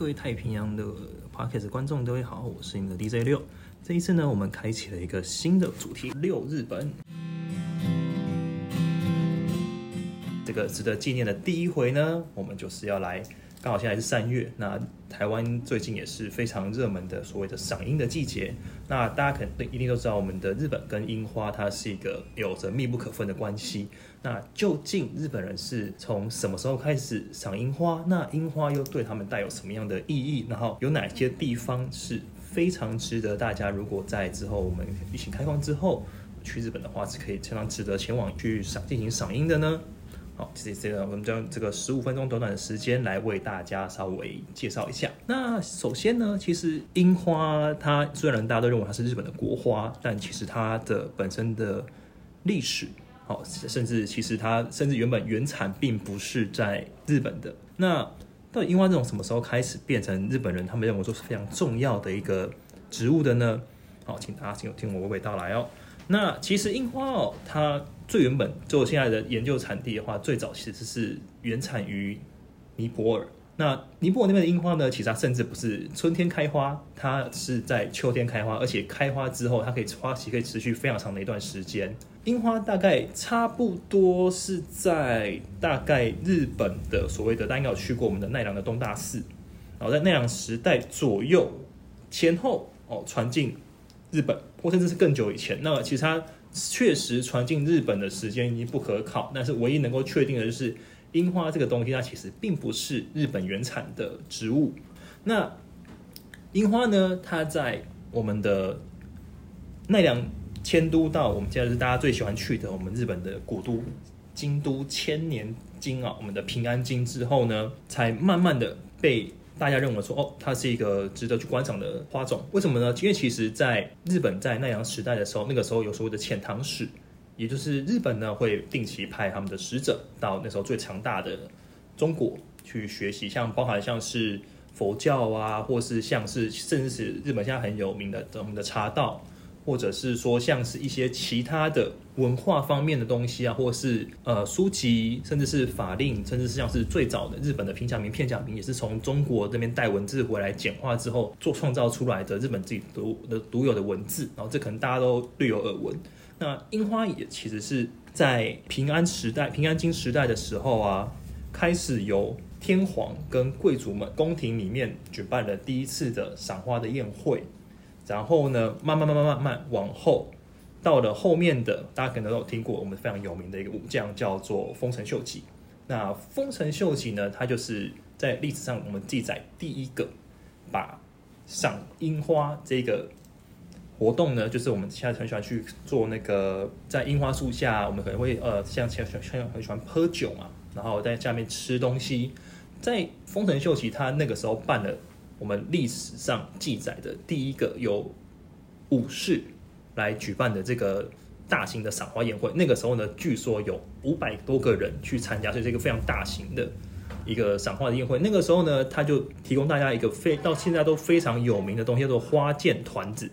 各位太平洋的 Podcast 觀眾，各位好，我是你們的 DJ 六。這一次呢，我們開啟了一個新的主題——遛日本。這個值得紀念的第一回呢，我們就是要來。剛好現在是三月，那台灣最近也是非常熱門的所謂的賞櫻的季節。那大家肯定一定都知道，我們的日本跟櫻花它是一個有着密不可分的關係。那究竟日本人是從什麼時候開始賞櫻花？那櫻花又對他們帶有什麼樣的意義？然後有哪些地方是非常值得大家，如果在之後我們疫情開放之後去日本的話，是可以非常值得前往去賞進行賞櫻的呢？好，其實這個我們就用這個十五分鐘短短的時間來為大家稍微介紹一下。那首先呢，其實櫻花它雖然大家都認為它是日本的國花，但其實它的本身的歷史，好，甚至其實它甚至原本原產並不是在日本的。那到底櫻花這種什麼時候開始變成日本人他們認為說是非常重要的一個植物的呢？好，請大家請聽我娓娓道來哦。那其實櫻花哦，它最原本做現在的研究產地的話，最早其實是原產於尼泊爾。那尼泊爾那邊的櫻花呢，其實它甚至不是春天開花，它是在秋天開花，而且開花之後它可以花期可以持續非常長的一段時間。櫻花大概差不多是在大概日本的所謂的，大家應該有去過我們的奈良的東大寺，然後在奈良時代左右前後哦傳進日本，或甚至是更久以前，那其實它確實傳進日本的時間已經不可考，但是唯一能夠確定的就是櫻花這個東西，它其實並不是日本原產的植物。那櫻花呢？它在我們的奈良遷都到我們現在是大家最喜歡去的我們日本的古都京都千年京啊，我們的平安京之後呢，才慢慢的被。大家認為說，哦，它是一個值得去觀賞的花種，為什麼呢？因為其實，在日本在奈良時代的時候，那個時候有所謂的遣唐使，也就是日本呢會定期派他們的使者到那時候最強大的中國去學習，像包含像是佛教啊，或是像是甚至是日本現在很有名的我們的茶道。或者是說，像是一些其他的文化方面的東西啊，或是呃書籍，甚至是法令，甚至是像是最早的日本的平假名、片假名，也是從中國這邊帶文字回來簡化之後做創造出來的日本自己獨的獨有的文字。然後這可能大家都略有耳聞。那櫻花也其實是在平安時代、平安京時代的時候啊，開始由天皇跟貴族們宮廷裡面舉辦了第一次的賞花的宴會。然後呢，慢慢慢慢慢慢往後，到了後面的，大家可能都有聽過，我們非常有名的一個武將叫做豐臣秀吉。那豐臣秀吉呢，他就是在歷史上我們記載第一個把賞櫻花這個活動呢，就是我們現在很喜歡去做那個，在櫻花樹下，我們可能會呃，像像像很喜歡喝酒嘛，然後在下面吃東西。在豐臣秀吉他那個時候辦了。我們歷史上記載的第一個由武士來舉辦的這個大型的賞花宴會，那個時候呢，據說有五百多個人去參加，所以是一個非常大型的一個賞花的宴會。那個時候呢，他就提供大家一個非到現在都非常有名的東西，叫做花見團子。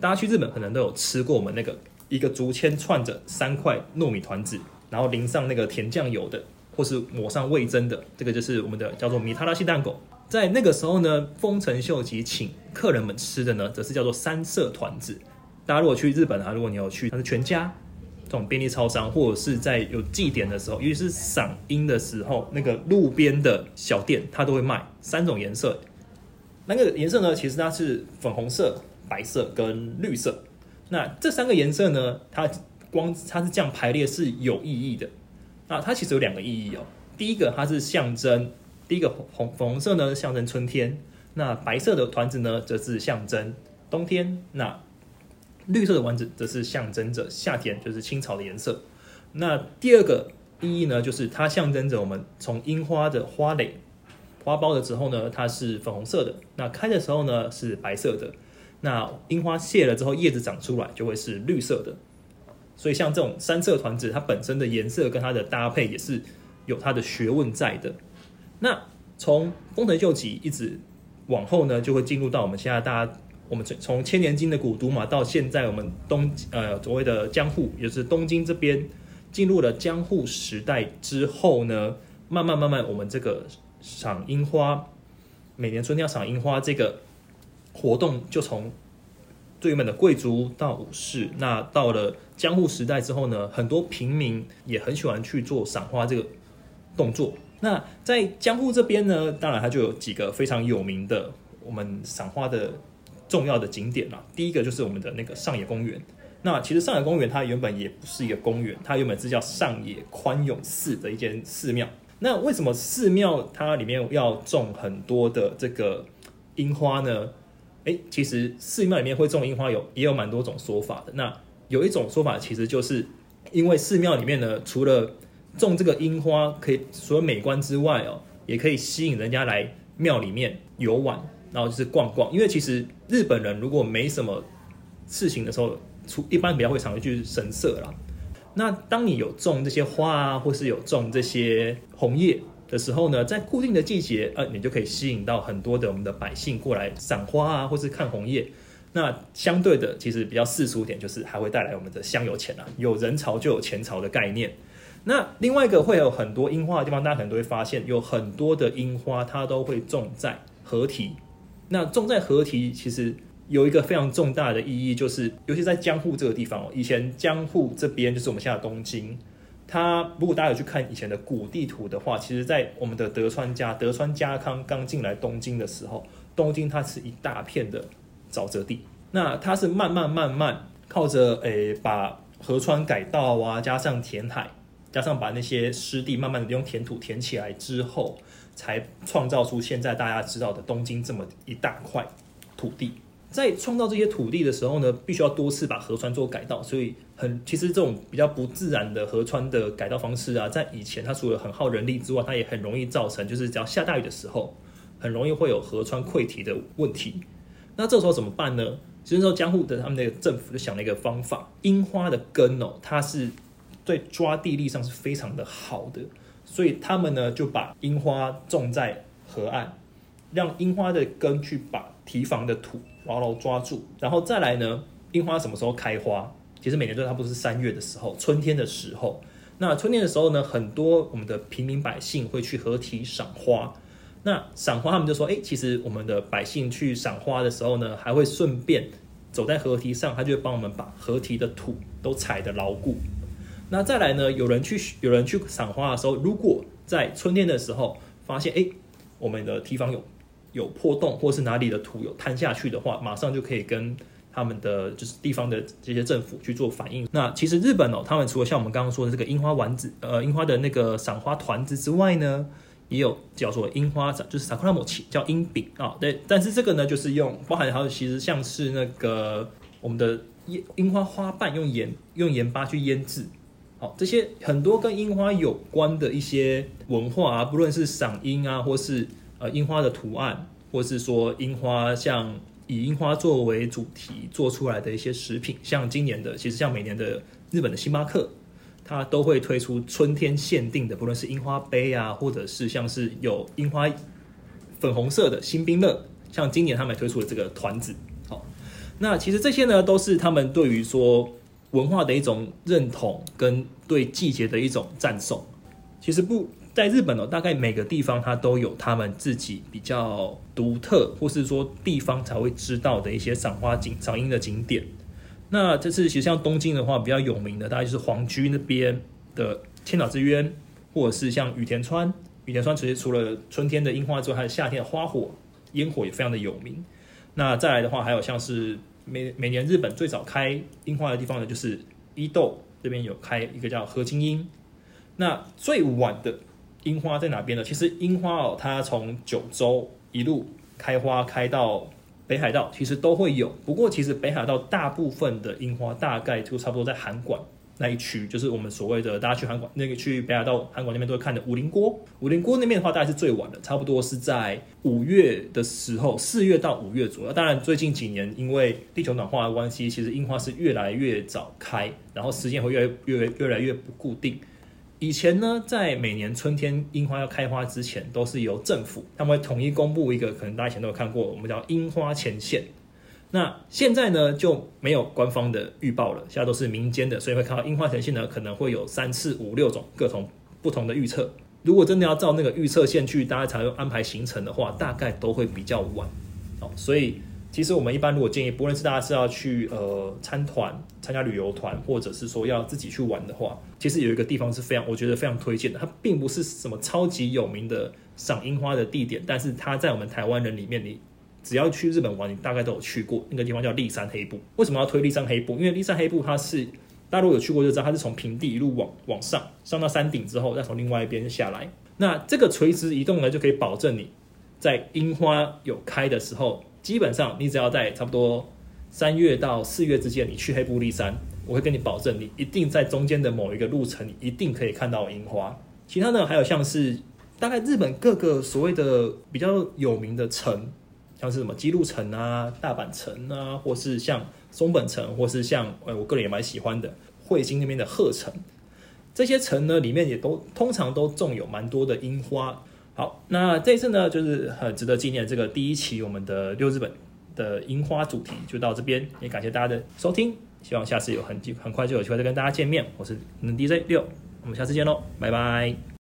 大家去日本可能都有吃過，我們那個一個竹籤串着三塊糯米團子，然後淋上那個甜醬油的，或是抹上味噌的，這個就是我們的叫做米塔拉西蛋狗。在那個時候呢，豐臣秀吉請客人們吃的呢，則是叫做三色團子。大家如果去日本啊，如果你有去，全家這種便利超商，或者是在有祭典的時候，尤其是賞櫻的時候，那個路邊的小店，它都會賣三種顏色。那個顏色呢，其實它是粉紅色、白色跟綠色。那這三個顏色呢，它光它是這樣排列是有意義的。那它其實有兩個意義哦。第一個，它是象徵。第一個，紅粉紅色呢，象徵春天，那白色的團子呢則是象徵冬天，那綠色的丸子則是象徵着夏天，就是青草的顏色。那第二個意義呢，就是它象徵着我們從櫻花的花蕾、花苞的時候呢，它是粉紅色的；那開的時候呢是白色的；那櫻花謝了之後，葉子長出來就會是綠色的。所以像這種三色團子，它本身的顏色跟它的搭配也是有它的學問在的。那從豐臣秀吉一直往後呢，就會進入到我們現在大家，我們從從千年金的古都嘛，到現在我們東呃所謂的江戶，也是東京這邊進入了江戶時代之後呢，慢慢慢慢我們這個賞櫻花，每年春天賞櫻花這個活動，就從原本的貴族到武士，那到了江戶時代之後呢，很多平民也很喜歡去做賞花這個動作。那在江戶這邊呢，當然它就有幾個非常有名的我們賞花的重要的景點。第一個就是我們的那個上野公園。那其實上野公園它原本也不是一個公園，它原本是叫上野寬永寺的一間寺廟。那為什麼寺廟它裡面要種很多的這個櫻花呢？哎、欸，其實寺廟裡面會種櫻花有也有蠻多種說法的。那有一種說法其實就是因為寺廟裡面呢，除了種這個櫻花，可以除了美觀之外哦，也可以吸引人家來廟裡面遊玩，然後就是逛逛。因為其實日本人如果沒什麼事情的時候，出一般比較會常去神社啦。那當你有種這些花啊，或是有種這些紅葉的時候呢，在固定的季節，呃，你就可以吸引到很多的我們的百姓過來賞花啊，或是看紅葉。那相對的，其實比較世俗點，就是還會帶來我們的香油錢啊，有人潮就有錢潮的概念。那另外一個會有很多櫻花的地方，大家可能都會發現，有很多的櫻花，它都會種在河堤。那種在河堤其實有一個非常重大的意義，就是尤其在江戶這個地方哦，以前江戶這邊就是我們現在的東京。它如果大家有去看以前的古地圖的話，其實在我們的德川家，德川家康剛進來東京的時候，東京它是一大片的沼澤地。那它是慢慢慢慢靠着誒、欸、把河川改道啊，加上填海。加上把那些濕地慢慢的用填土填起來之後，才創造出現在大家知道的東京這麼一大塊土地。在創造這些土地的時候呢，必須要多次把河川做改道，所以很其實這種比較不自然的河川的改道方式啊，在以前它除了很耗人力之外，它也很容易造成就是只要下大雨的時候，很容易會有河川潰堤的問題。那這時候怎麼辦呢？其實那時候江戶的他們那個政府就想了一個方法，櫻花的根哦，它是。所以抓地力上是非常的好的，所以他們呢就把櫻花種在河岸，讓櫻花的根去把堤防的土牢牢抓住。然後再來呢，櫻花什麼時候開花？其實每年都差不多是三月的時候，春天的時候。那春天的時候呢，很多我們的平民百姓會去河堤賞花。那賞花他們就說：“哎、欸，其實我們的百姓去賞花的時候呢，還會順便走在河堤上，他就會幫我們把河堤的土都踩得牢固。”那再來呢？有人去有人去賞花的時候，如果在春天的時候發現哎、欸，我們的堤防有有破洞，或是哪裡的土有塌下去的話，馬上就可以跟他們的就是地方的這些政府去做反應。那其實日本哦，他們除了像我們剛剛說的這個櫻花丸子，呃，櫻花的那個賞花團子之外呢，也有叫做櫻花，就是薩庫拉摩奇，叫櫻餅啊。對，但是這個呢，就是用包含還有其實像是那個我們的櫻櫻花花瓣用鹽用鹽巴去醃制。好，這些很多跟櫻花有關的一些文化，啊，不論是賞櫻啊，或是呃櫻花的圖案，或是說櫻花像以櫻花作為主題做出來的一些食品，像今年的，其實像每年的日本的星巴克，它都會推出春天限定的，不論是櫻花杯啊，或者是像是有櫻花粉紅色的星冰樂，像今年他們推出了這個團子，好，那其實這些呢，都是他們對於說。文化的一種認同跟對季節的一種讚頌，其實不在日本的、喔、大概每個地方，它都有他們自己比較獨特，或是說地方才會知道的一些賞花景賞櫻的景點。那這次其實像東京的話，比較有名的，大概就是皇居那邊的千鳥之淵，或者是像隅田川。隅田川其實除了春天的櫻花之外，還有夏天的花火煙火也非常的有名。那再來的話，還有像是。每每年日本最早開櫻花的地方呢，就是伊豆這邊有開一個叫河津櫻。那最晚的櫻花在哪邊呢？其實櫻花哦，它從九州一路開花開到北海道，其實都會有。不過其實北海道大部分的櫻花大概就差不多在函館。那一區就是我們所謂的，大家去函館那個去北海道函館那邊都會看的五稜郭。五稜郭那邊的話，大概是最晚的，差不多是在五月的時候，四月到五月左右。當然，最近幾年因為地球暖化的關係，其實櫻花是越來越早開，然後時間會越來越、越來越不固定。以前呢，在每年春天櫻花要開花之前，都是由政府他們會統一公布一個，可能大家以前都有看過，我們叫櫻花前線。那現在呢，就沒有官方的預報了，現在都是民間的，所以會看到櫻花呈現呢，可能會有三四五六種各種不同的預測。如果真的要照那個預測線去，大家才要安排行程的話，大概都會比較晚。哦，所以其實我們一般如果建議，不論是大家是要去呃參團、參加旅遊團，或者是說要自己去玩的話，其實有一個地方是非常，我覺得非常推薦的。它並不是什麼超級有名的賞櫻花的地點，但是它在我們台灣人裡面裡。你只要去日本玩，你大概都有去過那個地方叫立山黑部。為什麼要推立山黑部？因為立山黑部它是，大家如果有去過就知道它是從平地一路往往上，上到山頂之後，再從另外一邊下來。那這個垂直移動呢，就可以保證你在櫻花有開的時候，基本上你只要在差不多三月到四月之間，你去黑部立山，我會跟你保證，你一定在中間的某一個路程，你一定可以看到櫻花。其他呢，還有像是大概日本各個所謂的比較有名的城。像是什麼姬路城啊、大阪城啊，或是像松本城，或是像、欸、我個人也蠻喜歡的，會津那邊的鶴城，這些城呢，裡面也都通常都種有蠻多的櫻花。好，那這一次呢，就是很值得紀念這個第一期我們的遛日本的櫻花主題就到這邊，也感謝大家的收聽，希望下次有很、很快就有機會再跟大家見面。我是、N、DJ 遛，我們下次見嘍，拜拜。